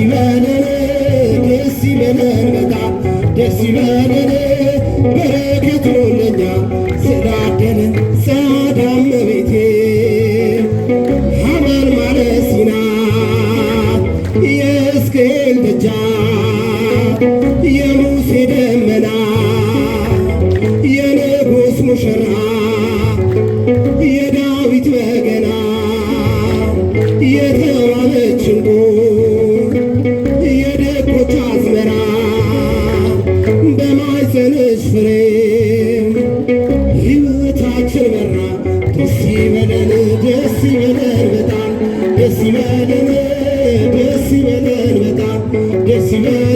ደስ ይበለን፣ ደስ ይበለን፣ በጣም ደስ ይበለን Seni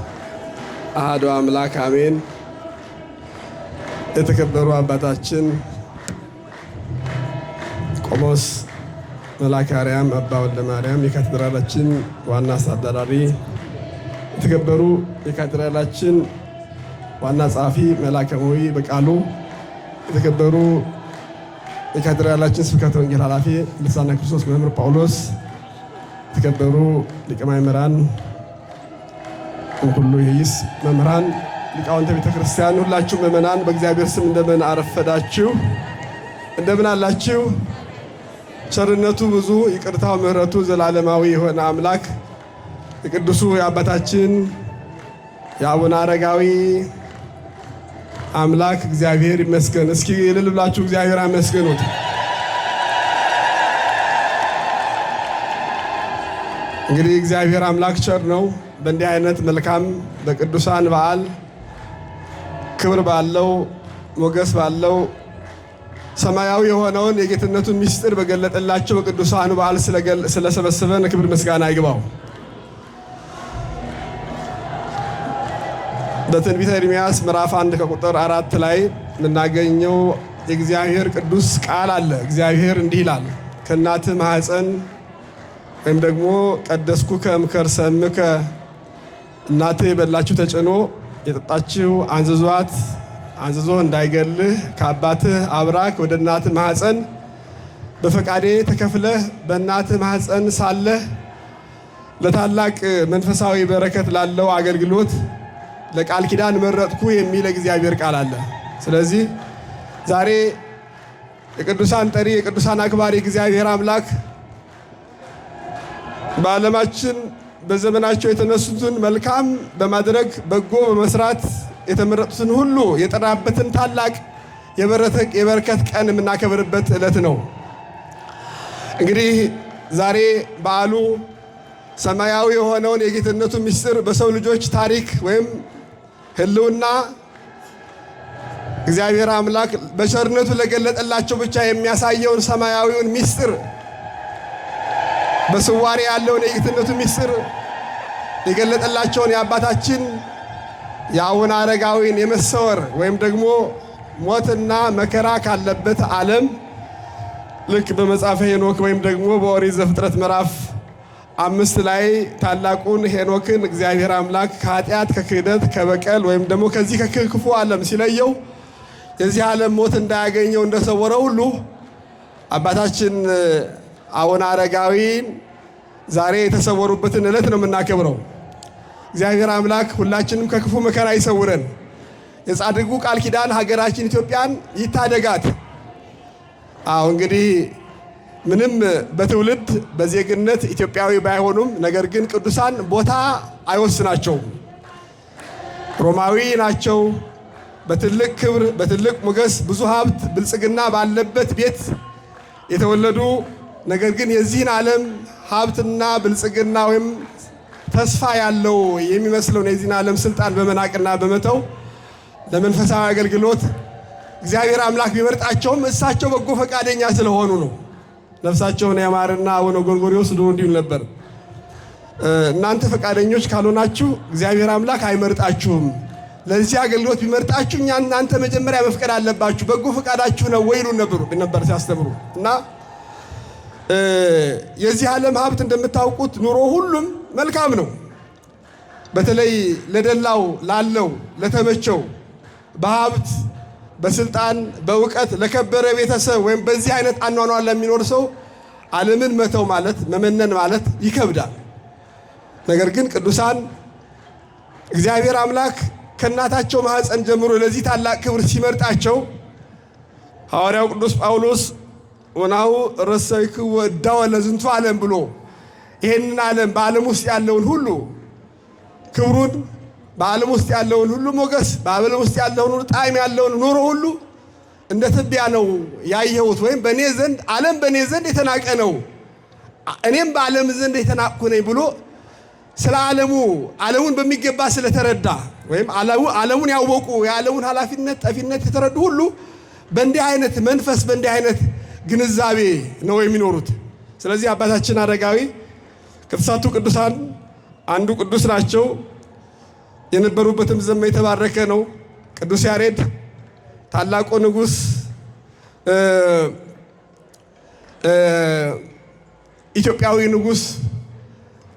አሐዱ አምላክ አሜን። የተከበሩ አባታችን ቆሞስ መልአከ አርያም አባ ወልደ ማርያም የካቴድራላችን ዋና አስተዳዳሪ፣ የተከበሩ የካቴድራላችን ዋና ጸሐፊ መልአከ በቃሉ፣ የተከበሩ የካቴድራላችን ስብከተ ወንጌል ኃላፊ ልሳነ ክርስቶስ መምህር ጳውሎስ፣ የተከበሩ ሊቀ ማእምራን ሁሉ የይስ መምህራን፣ ሊቃውንተ ቤተ ክርስቲያን፣ ሁላችሁ ምእመናን በእግዚአብሔር ስም እንደምን አረፈዳችሁ? እንደምን አላችሁ? ቸርነቱ ብዙ ይቅርታው ምሕረቱ ዘላለማዊ የሆነ አምላክ የቅዱሱ የአባታችን የአቡነ አረጋዊ አምላክ እግዚአብሔር ይመስገን። እስኪ እልል ብላችሁ እግዚአብሔር አመስግኑት። እንግዲህ እግዚአብሔር አምላክ ቸር ነው። በእንዲህ አይነት መልካም በቅዱሳን በዓል ክብር ባለው ሞገስ ባለው ሰማያዊ የሆነውን የጌትነቱን ምስጢር በገለጠላቸው በቅዱሳኑ በዓል ስለሰበሰበን ክብር ምስጋና ይግባው። በትንቢተ ኤርምያስ ምዕራፍ አንድ ከቁጥር አራት ላይ የምናገኘው የእግዚአብሔር ቅዱስ ቃል አለ። እግዚአብሔር እንዲህ ይላል ከእናትህ ማኅፀን ወይም ደግሞ ቀደስኩ ከምከር ሰምከ እናት የበላችሁ ተጭኖ የጠጣችው አንዝዟት አንዝዞ እንዳይገልህ ከአባትህ አብራክ ወደ እናትህ ማህፀን በፈቃዴ ተከፍለህ በእናትህ ማህፀን ሳለህ ለታላቅ መንፈሳዊ በረከት ላለው አገልግሎት ለቃል ኪዳን መረጥኩ የሚል እግዚአብሔር ቃል አለ። ስለዚህ ዛሬ የቅዱሳን ጠሪ የቅዱሳን አክባሪ እግዚአብሔር አምላክ በዓለማችን በዘመናቸው የተነሱትን መልካም በማድረግ በጎ በመስራት የተመረጡትን ሁሉ የጠራበትን ታላቅ የበረከት ቀን የምናከብርበት ዕለት ነው። እንግዲህ ዛሬ በዓሉ ሰማያዊ የሆነውን የጌትነቱ ምስጢር በሰው ልጆች ታሪክ ወይም ሕልውና እግዚአብሔር አምላክ በቸርነቱ ለገለጠላቸው ብቻ የሚያሳየውን ሰማያዊውን ምስጢር በስዋሪ ያለውን የጌትነቱ ምስጢር የገለጠላቸውን የአባታችን የአቡነ አረጋዊን የመሰወር ወይም ደግሞ ሞትና መከራ ካለበት ዓለም ልክ በመጽሐፈ ሄኖክ ወይም ደግሞ በኦሪት ዘፍጥረት ምዕራፍ አምስት ላይ ታላቁን ሄኖክን እግዚአብሔር አምላክ ከኃጢአት ከክህደት ከበቀል ወይም ደግሞ ከዚህ ከክፉ ዓለም ሲለየው የዚህ ዓለም ሞት እንዳያገኘው እንደሰወረ ሁሉ አባታችን አቡነ አረጋዊን ዛሬ የተሰወሩበትን ዕለት ነው የምናከብረው። እግዚአብሔር አምላክ ሁላችንም ከክፉ መከራ ይሰውረን። የጻድቁ ቃል ኪዳን ሀገራችን ኢትዮጵያን ይታደጋት። አሁ እንግዲህ ምንም በትውልድ በዜግነት ኢትዮጵያዊ ባይሆኑም ነገር ግን ቅዱሳን ቦታ አይወስናቸውም። ሮማዊ ናቸው። በትልቅ ክብር፣ በትልቅ ሞገስ፣ ብዙ ሀብት፣ ብልጽግና ባለበት ቤት የተወለዱ ነገር ግን የዚህን ዓለም ሀብትና ብልጽግና ወይም ተስፋ ያለው የሚመስለውን የዚህን ዓለም ስልጣን በመናቅና በመተው ለመንፈሳዊ አገልግሎት እግዚአብሔር አምላክ ቢመርጣቸውም እሳቸው በጎ ፈቃደኛ ስለሆኑ ነው። ነፍሳቸውን ያማርና አቡነ ጎርጎርዮስ ድሮ እንዲሉ ነበር፣ እናንተ ፈቃደኞች ካልሆናችሁ እግዚአብሔር አምላክ አይመርጣችሁም። ለዚህ አገልግሎት ቢመርጣችሁ እኛ እናንተ መጀመሪያ መፍቀድ አለባችሁ። በጎ ፈቃዳችሁ ነው ወይሉ ነበሩ ነበር ሲያስተምሩ እና የዚህ ዓለም ሀብት እንደምታውቁት ኑሮ ሁሉም መልካም ነው። በተለይ ለደላው ላለው ለተመቸው በሀብት በስልጣን በእውቀት ለከበረ ቤተሰብ ወይም በዚህ አይነት አኗኗር ለሚኖር ሰው ዓለምን መተው ማለት መመነን ማለት ይከብዳል። ነገር ግን ቅዱሳን እግዚአብሔር አምላክ ከእናታቸው ማኅፀን ጀምሮ ለዚህ ታላቅ ክብር ሲመርጣቸው ሐዋርያው ቅዱስ ጳውሎስ ወናሁ ረሰይክዎ እዳወለ ለዝንቱ ዓለም ብሎ ይህንን ዓለም በዓለም ውስጥ ያለውን ሁሉ ክብሩን በዓለም ውስጥ ያለውን ሁሉ ሞገስ በዓለም ውስጥ ያለውን ጣዕም ያለውን ኑሮ ሁሉ እንደ ትቢያ ነው ያየሁት፣ ወይም በእኔ ዘንድ ዓለም በእኔ ዘንድ የተናቀ ነው፣ እኔም በዓለም ዘንድ የተናቅኩ ነኝ ብሎ ስለ ዓለሙ ዓለሙን በሚገባ ስለተረዳ ወይም ዓለሙን ያወቁ የዓለሙን ኃላፊነት ጠፊነት የተረዱ ሁሉ በእንዲህ አይነት መንፈስ በእንዲህ አይነት ግንዛቤ ነው የሚኖሩት። ስለዚህ አባታችን አረጋዊ ከተሳቱ ቅዱሳን አንዱ ቅዱስ ናቸው። የነበሩበትም ዘመን የተባረከ ነው። ቅዱስ ያሬድ ታላቁ ንጉስ ኢትዮጵያዊ ንጉስ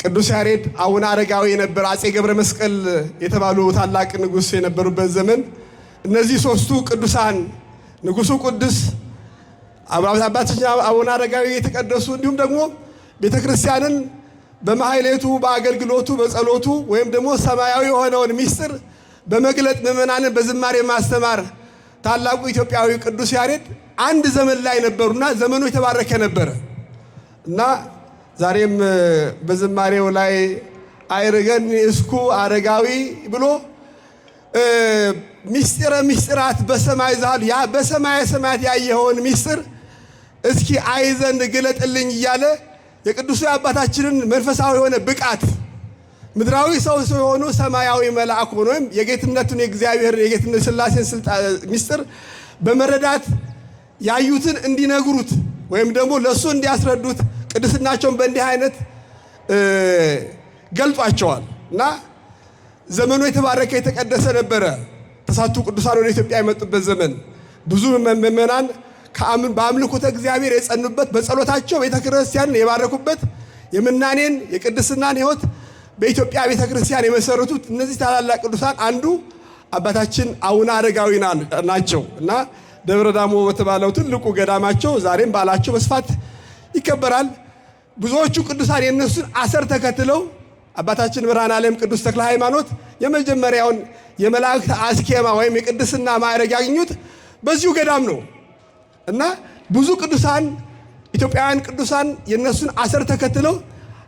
ቅዱስ ያሬድ አቡነ አረጋዊ የነበረ አፄ ገብረ መስቀል የተባሉ ታላቅ ንጉስ የነበሩበት ዘመን እነዚህ ሶስቱ ቅዱሳን ንጉሱ ቅዱስ አባታችን አቡነ አረጋዊ የተቀደሱ እንዲሁም ደግሞ ቤተ ክርስቲያንን በማሕሌቱ በአገልግሎቱ በጸሎቱ ወይም ደግሞ ሰማያዊ የሆነውን ሚስጥር በመግለጥ ምእመናንን በዝማሬ ማስተማር ታላቁ ኢትዮጵያዊ ቅዱስ ያሬድ አንድ ዘመን ላይ ነበሩና ዘመኑ የተባረከ ነበረ እና ዛሬም በዝማሬው ላይ አይርገን እስኩ አረጋዊ ብሎ ሚስጢረ ሚስጢራት በሰማይ ዛሉ ያ በሰማይ ሰማያት ያየኸውን ሚስጢር እስኪ አይ ዘንድ ግለጥልኝ እያለ የቅዱሱ አባታችንን መንፈሳዊ የሆነ ብቃት ምድራዊ ሰው ሲሆኑ ሰማያዊ መልአክ ሆኖ ወይም የጌትነቱን የእግዚአብሔር የጌትነት ሥላሴን ሚስጥር በመረዳት ያዩትን እንዲነግሩት ወይም ደግሞ ለእሱ እንዲያስረዱት ቅድስናቸውን በእንዲህ አይነት ገልጧቸዋል እና ዘመኑ የተባረከ የተቀደሰ ነበረ። ተሳቱ ቅዱሳን ወደ ኢትዮጵያ የመጡበት ዘመን ብዙ ምእመናን በአምልኮተ እግዚአብሔር የጸኑበት፣ በጸሎታቸው ቤተ ክርስቲያንን የባረኩበት፣ የምናኔን የቅድስናን ሕይወት በኢትዮጵያ ቤተ ክርስቲያን የመሰረቱት እነዚህ ታላላቅ ቅዱሳን አንዱ አባታችን አቡነ አረጋዊ ናቸው እና ደብረ ዳሞ በተባለው ትልቁ ገዳማቸው ዛሬም በዓላቸው በስፋት ይከበራል። ብዙዎቹ ቅዱሳን የእነሱን አሰር ተከትለው አባታችን ብርሃን ዓለም ቅዱስ ተክለ ሃይማኖት የመጀመሪያውን የመላእክት አስኬማ ወይም የቅድስና ማዕረግ ያገኙት በዚሁ ገዳም ነው እና ብዙ ቅዱሳን ኢትዮጵያውያን ቅዱሳን የእነሱን አሰር ተከትለው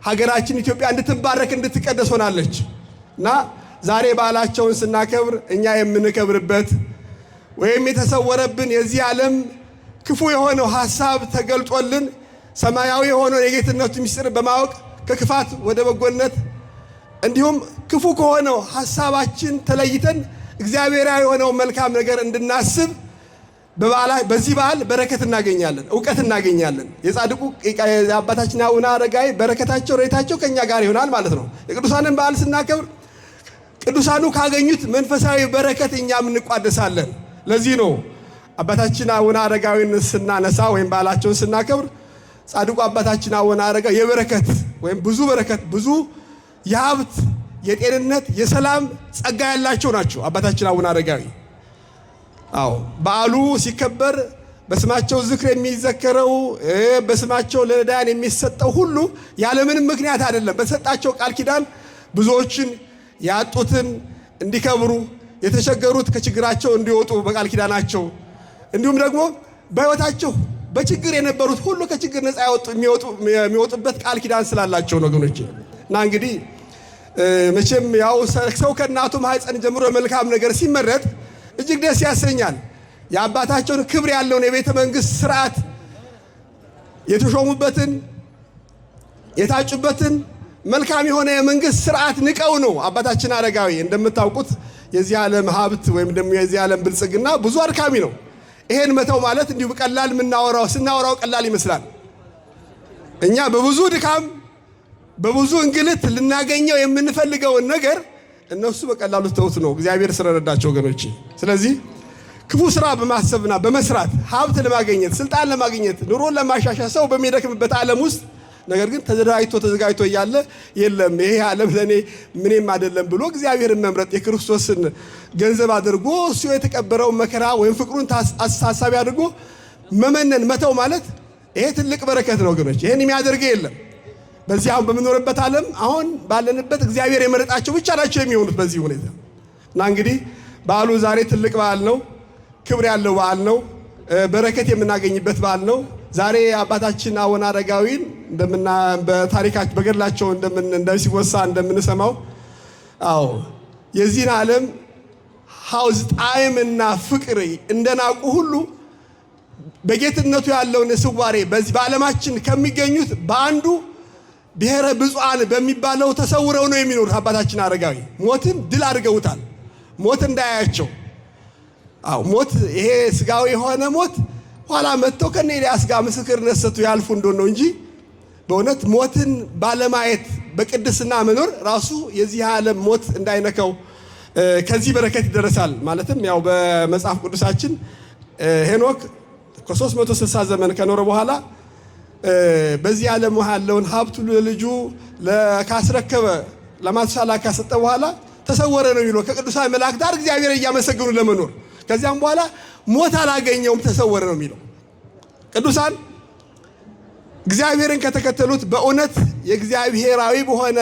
ሀገራችን ኢትዮጵያ እንድትባረክ እንድትቀደስ ሆናለች እና ዛሬ በዓላቸውን ስናከብር እኛ የምንከብርበት ወይም የተሰወረብን የዚህ ዓለም ክፉ የሆነው ሐሳብ ተገልጦልን ሰማያዊ የሆነውን የጌትነቱ ምስጢር በማወቅ ከክፋት ወደ በጎነት እንዲሁም ክፉ ከሆነው ሀሳባችን ተለይተን እግዚአብሔራዊ የሆነው መልካም ነገር እንድናስብ በዚህ በዓል በረከት እናገኛለን፣ እውቀት እናገኛለን። የጻድቁ አባታችን አቡነ አረጋዊ በረከታቸው፣ ሬታቸው ከእኛ ጋር ይሆናል ማለት ነው። የቅዱሳንን በዓል ስናከብር ቅዱሳኑ ካገኙት መንፈሳዊ በረከት እኛም እንቋደሳለን። ለዚህ ነው አባታችን አቡነ አረጋዊን ስናነሳ ወይም በዓላቸውን ስናከብር ጻድቁ አባታችን አቡነ አረጋዊ የበረከት ወይም ብዙ በረከት ብዙ የሀብት የጤንነት የሰላም ጸጋ ያላቸው ናቸው አባታችን አቡነ አረጋዊ። አዎ በዓሉ ሲከበር በስማቸው ዝክር የሚዘከረው በስማቸው ለነዳያን የሚሰጠው ሁሉ ያለምንም ምክንያት አይደለም። በተሰጣቸው ቃል ኪዳን ብዙዎችን ያጡትን እንዲከብሩ የተቸገሩት ከችግራቸው እንዲወጡ በቃል ኪዳናቸው እንዲሁም ደግሞ በህይወታቸው በችግር የነበሩት ሁሉ ከችግር ነፃ የሚወጡበት ቃል ኪዳን ስላላቸው ነው እና እንግዲህ መቼም ያው ሰው ከእናቱ ማኅፀን ጀምሮ መልካም ነገር ሲመረጥ እጅግ ደስ ያሰኛል። የአባታቸውን ክብር ያለውን የቤተ መንግሥት ስርዓት የተሾሙበትን የታጩበትን መልካም የሆነ የመንግስት ስርዓት ንቀው ነው አባታችን አረጋዊ። እንደምታውቁት የዚህ ዓለም ሀብት ወይም ደግሞ የዚህ ዓለም ብልጽግና ብዙ አድካሚ ነው። ይሄን መተው ማለት እንዲሁ ቀላል የምናወራው ስናወራው ቀላል ይመስላል። እኛ በብዙ ድካም በብዙ እንግልት ልናገኘው የምንፈልገውን ነገር እነሱ በቀላሉ ተውት ነው እግዚአብሔር ስለረዳቸው ወገኖች። ስለዚህ ክፉ ስራ በማሰብና በመስራት ሀብት ለማግኘት ስልጣን ለማግኘት ኑሮን ለማሻሻል ሰው በሚደክምበት ዓለም ውስጥ ነገር ግን ተደራጅቶ ተዘጋጅቶ እያለ የለም ይሄ ዓለም ለእኔ ምንም አይደለም ብሎ እግዚአብሔርን መምረጥ የክርስቶስን ገንዘብ አድርጎ እሱ የተቀበረው መከራ ወይም ፍቅሩን አሳሳቢ አድርጎ መመነን መተው ማለት ይሄ ትልቅ በረከት ነው ወገኖች። ይህን የሚያደርገ የለም። በዚህ አሁን በምኖርበት ዓለም አሁን ባለንበት እግዚአብሔር የመረጣቸው ብቻ ናቸው የሚሆኑት በዚህ ሁኔታ እና እንግዲህ በዓሉ ዛሬ ትልቅ በዓል ነው። ክብር ያለው በዓል ነው። በረከት የምናገኝበት በዓል ነው። ዛሬ አባታችን አቡነ አረጋዊን እንደምና በታሪካቸው በገድላቸው እንደሲወሳ እንደምንሰማው አዎ የዚህን ዓለም ሀውዝ እና ፍቅር እንደናቁ ሁሉ በጌትነቱ ያለውን ስዋሬ በዚህ በዓለማችን ከሚገኙት በአንዱ ብሔረ ብፁዓን በሚባለው ተሰውረው ነው የሚኖሩት። አባታችን አረጋዊ ሞትን ድል አድርገውታል። ሞት እንዳያያቸው። አዎ ሞት ይሄ ስጋዊ የሆነ ሞት ኋላ መጥተው ከነ ኤልያስ ምስክር ምስክርነት ያልፉ እንደሆነ ነው እንጂ በእውነት ሞትን ባለማየት በቅድስና መኖር ራሱ የዚህ ዓለም ሞት እንዳይነከው ከዚህ በረከት ይደረሳል። ማለትም ያው በመጽሐፍ ቅዱሳችን ሄኖክ ከ360 ዘመን ከኖረ በኋላ በዚህ ዓለም ያለውን ሀብቱ ለልጁ ካስረከበ ለማቱሳላ ካሰጠ በኋላ ተሰወረ ነው የሚለው ከቅዱሳን መላእክት ጋር እግዚአብሔር እያመሰገኑ ለመኖር ከዚያም በኋላ ሞት አላገኘውም ተሰወረ ነው የሚለው። ቅዱሳን እግዚአብሔርን ከተከተሉት በእውነት የእግዚአብሔራዊ በሆነ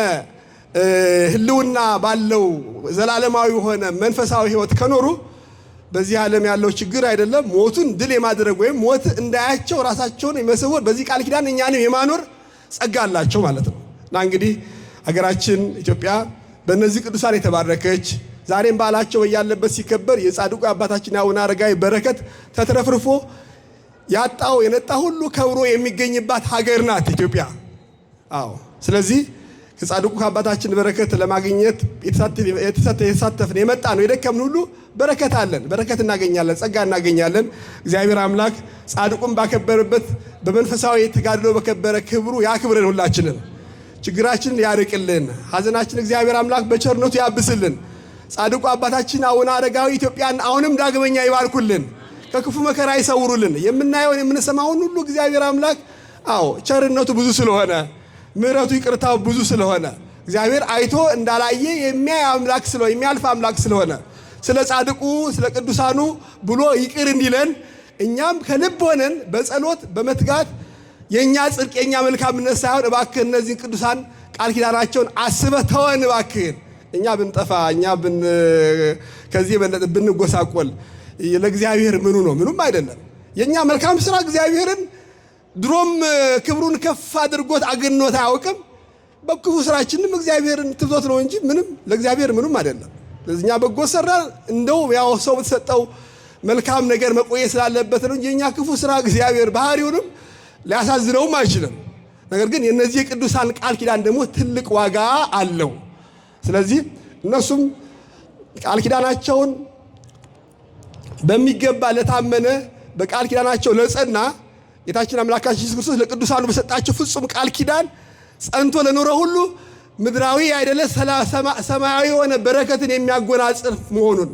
ህልውና ባለው ዘላለማዊ የሆነ መንፈሳዊ ህይወት ከኖሩ በዚህ ዓለም ያለው ችግር አይደለም ሞቱን ድል የማድረግ ወይም ሞት እንዳያቸው ራሳቸውን የመሰወር በዚህ ቃል ኪዳን እኛንም የማኖር ጸጋ አላቸው ማለት ነው እና እንግዲህ ሀገራችን ኢትዮጵያ በእነዚህ ቅዱሳን የተባረከች ዛሬም በዓላቸው ያለበት ሲከበር የጻድቁ አባታችን አቡነ አረጋዊ በረከት ተትረፍርፎ ያጣው የነጣ ሁሉ ከብሮ የሚገኝባት ሀገር ናት ኢትዮጵያ። አዎ ስለዚህ ከጻድቁ ከአባታችን በረከት ለማግኘት የተሳተፍን የመጣ ነው የደከምን ሁሉ በረከት አለን፣ በረከት እናገኛለን፣ ጸጋ እናገኛለን። እግዚአብሔር አምላክ ጻድቁን ባከበርበት በመንፈሳዊ ተጋድሎ በከበረ ክብሩ ያክብረን፣ ሁላችንን ችግራችንን ያርቅልን፣ ሐዘናችን እግዚአብሔር አምላክ በቸርነቱ ያብስልን። ጻድቁ አባታችን አቡነ አረጋዊ ኢትዮጵያን አሁንም ዳግመኛ ይባርኩልን፣ ከክፉ መከራ ይሰውሩልን። የምናየውን የምንሰማውን ሁሉ እግዚአብሔር አምላክ አዎ ቸርነቱ ብዙ ስለሆነ ምሕረቱ ይቅርታው ብዙ ስለሆነ እግዚአብሔር አይቶ እንዳላየ የሚያይ አምላክ ስለሆነ የሚያልፍ አምላክ ስለሆነ ስለ ጻድቁ ስለ ቅዱሳኑ ብሎ ይቅር እንዲለን እኛም ከልብ ሆነን በጸሎት በመትጋት የእኛ ጽድቅ የእኛ መልካምነት ሳይሆን እባክህን እነዚህን ቅዱሳን ቃል ኪዳናቸውን አስበህ ተወን እባክህን እኛ ብንጠፋ እኛ ከዚህ በለጠ ብንጎሳቆል ለእግዚአብሔር ምኑ ነው? ምኑም አይደለም። የእኛ መልካም ስራ እግዚአብሔርን ድሮም ክብሩን ከፍ አድርጎት አገኖት አያውቅም። በክፉ ስራችንም እግዚአብሔርን ትቶት ነው እንጂ ምንም ለእግዚአብሔር ምንም አይደለም። ለዚኛ በጎ ሰራ እንደው ያው ሰው በተሰጠው መልካም ነገር መቆየት ስላለበት ነው እንጂ የኛ ክፉ ስራ እግዚአብሔር ባህሪውንም ሊያሳዝነውም አይችልም። ነገር ግን የእነዚህ የቅዱሳን ቃል ኪዳን ደግሞ ትልቅ ዋጋ አለው። ስለዚህ እነሱም ቃል ኪዳናቸውን በሚገባ ለታመነ በቃል ኪዳናቸው ለጸና ጌታችን አምላካችን ኢየሱስ ክርስቶስ ለቅዱሳኑ በሰጣቸው ፍጹም ቃል ኪዳን ጸንቶ ለኖረ ሁሉ ምድራዊ አይደለ ሰማያዊ የሆነ በረከትን የሚያጎናጽፍ መሆኑን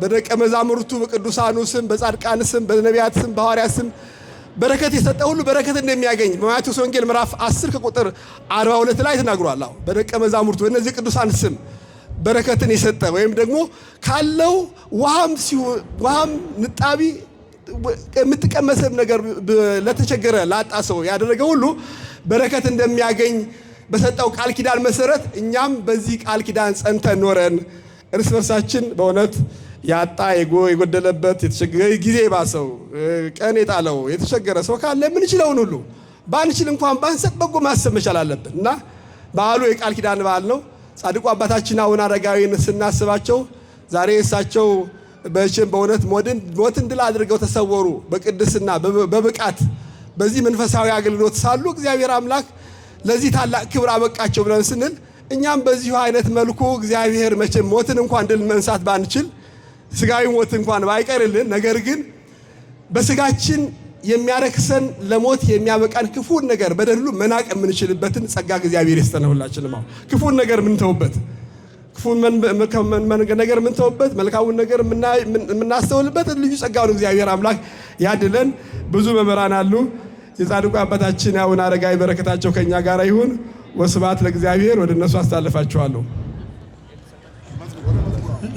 በደቀ መዛሙርቱ በቅዱሳኑ ስም በጻድቃን ስም በነቢያት ስም በሐዋርያት ስም በረከት የሰጠ ሁሉ በረከት እንደሚያገኝ በማቴዎስ ወንጌል ምዕራፍ 10 ከቁጥር 42 ላይ ተናግሯል። አዎ በደቀ መዛሙርቱ በእነዚህ ቅዱሳን ስም በረከትን የሰጠ ወይም ደግሞ ካለው ውሃም ንጣቢ የምትቀመስም ነገር ለተቸገረ ላጣ ሰው ያደረገ ሁሉ በረከት እንደሚያገኝ በሰጠው ቃል ኪዳን መሰረት እኛም በዚህ ቃል ኪዳን ጸንተን ኖረን እርስ በርሳችን በእውነት ያጣ የጎደለበት ጊዜ ባሰው ቀን የጣለው የተቸገረ ሰው ካለ የምንችለውን ሁሉ ባንችል እንኳን ባንሰጥ በጎ ማሰብ መቻል አለብን እና በዓሉ የቃል ኪዳን በዓል ነው። ጻድቁ አባታችን አቡነ አረጋዊን ስናስባቸው ዛሬ እሳቸው በእሽም በእውነት ሞትን ድል አድርገው ተሰወሩ በቅድስና በብቃት በዚህ መንፈሳዊ አገልግሎት ሳሉ እግዚአብሔር አምላክ ለዚህ ታላቅ ክብር አበቃቸው ብለን ስንል እኛም በዚሁ አይነት መልኩ እግዚአብሔር መቼም ሞትን እንኳን ድል መንሳት ባንችል ስጋዊ ሞት እንኳን ባይቀርልን፣ ነገር ግን በስጋችን የሚያረክሰን ለሞት የሚያበቃን ክፉን ነገር በደሉ መናቅ የምንችልበትን ጸጋ እግዚአብሔር ይስጠን። ሁላችንም ክፉን ነገር የምንተውበት ክፉን ነገር የምንተውበት መልካሙን ነገር የምናስተውልበት ልዩ ጸጋውን እግዚአብሔር አምላክ ያድለን። ብዙ መምህራን አሉ። የጻድቁ አባታችን አቡነ አረጋዊ በረከታቸው ከእኛ ጋር ይሁን። ወስብሐት ለእግዚአብሔር። ወደ እነሱ አስተላልፋችኋለሁ።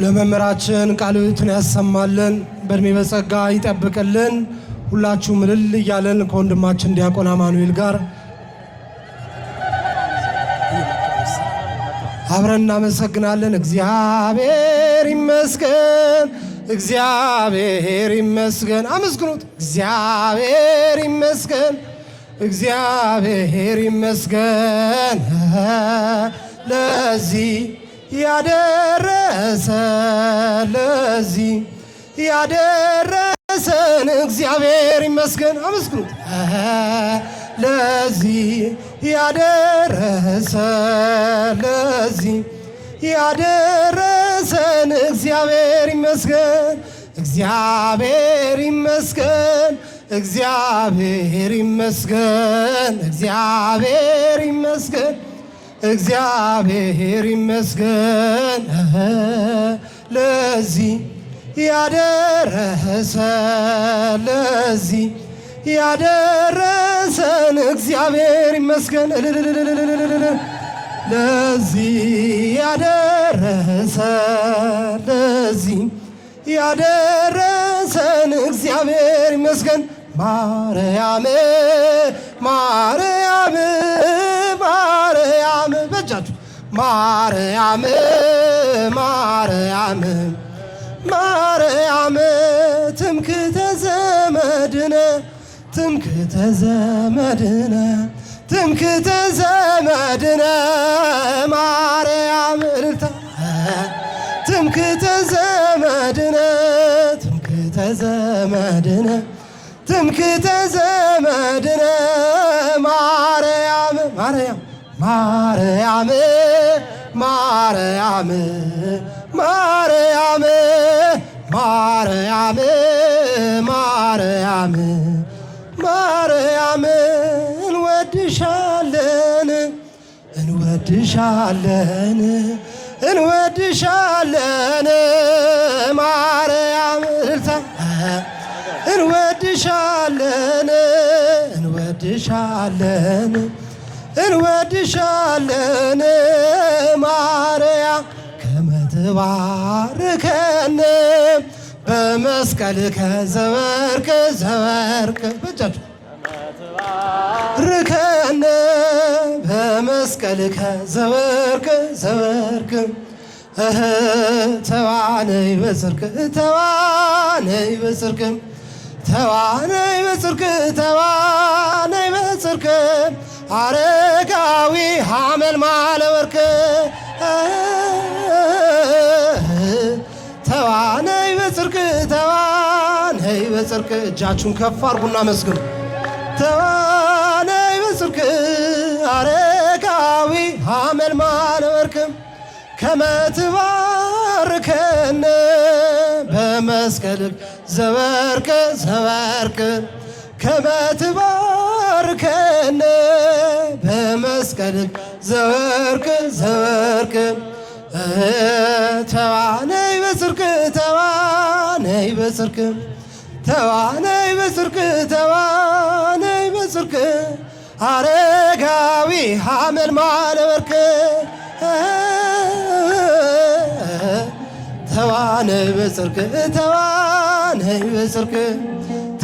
ለመምህራችን ቃልትን ያሰማልን፣ በእድሜ በጸጋ ይጠብቅልን። ሁላችሁ ምልል እያለን ከወንድማችን ዲያቆን አማኑኤል ጋር አብረን እናመሰግናለን። እግዚአብሔር ይመስገን፣ እግዚአብሔር ይመስገን። አመስግኑት። እግዚአብሔር ይመስገን፣ እግዚአብሔር ይመስገን ለዚህ ያደረሰ ለዚህ ያደረሰን እግዚአብሔር ይመስገን። አመስግኑት ለዚህ ያደረሰ ለዚህ ያደረሰን እግዚአብሔር ይመስገን፣ እግዚአብሔር ይመስገን፣ እግዚአብሔር ይመስገን፣ እግዚአብሔር ይመስገን፣ እግዚአብሔር ይመስገን ለዚህ ያደረሰ ለዚህ ያደረሰን እግዚአብሔር ይመስገን። ለዚህ ያደረሰን ለዚህ ያደረሰን እግዚአብሔር ይመስገን። ማርያም ማርያም ማርያም በጃችሁ ማርያም ማርያም ማርያም ትምክህተ ዘመድነ ትምክህተ ዘመድነ ማርያም እልልታ ትምክህተ ዘመድነ ትምክህተ ዘመድነ ትምክህተ ዘመድነ ማርያም ማርያም ማርያም ማርያም ማርያም ማርያም ማርያም ማርያምን እንወድሻለን እንወድሻለን እንወድሻለን ማርያም እልልታ እንወድሻለን እንወድሻለን እንወድሻለን ማርያም ከመትባርከን በመስቀልከ ዘበርከ ዘበርከ በእጃችሁ ርከነ በመስቀልከ ዘበርከ ዘበርከ ተዋነይ በጽርቅ ተዋነይ በጽርቅ ተዋነይ በጽርቅ ተዋነይ በጽርቅ አረጋዊ ሐመል ማለ በጽርቅ ተባን በጽርቅ እጃችሁን ከፍ አርጉና መስግኑ። ተባን ይ በጽርቅ አረጋዊ አመልማለ ወርቅም ከመትባርከን በመስቀል ዘበርቅ ዘበርቅ ከመትባርከን በመስቀል ዘበርቅ ዘበርቅ ተባነይ በጽርቅ በስርክ ተዋነይ በስርክ ተዋነይ በስርክ አረጋዊ ሐመልማለ ወርክ ተዋነይ በስርክ ተዋነይ በስርክ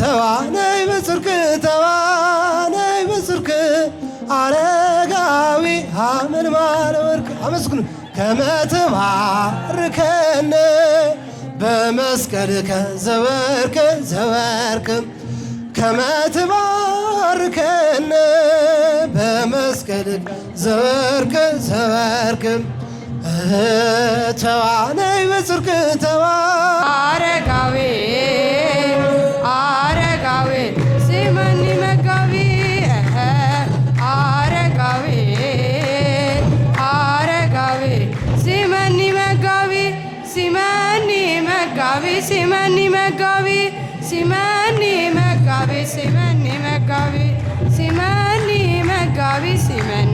ተዋነይ በስርክ ተዋነይ በስርክ አረጋዊ ሐመልማለ ወርክ አመስግኑ ከመትማርከነ በመስቀልከ ዘወርከ ዘወርከ ከመትባርከነ በመስቀልከ ዘወርከ ዘወርከ ተዋነይ በጽርቅ ተዋ አረጋዊ አረጋዊ መጋቢ ሲመኒ መጋቢ ሲመኒ መጋቢ ሲመኒ መጋቢ ሲመኒ መጋቢ ሲመኒ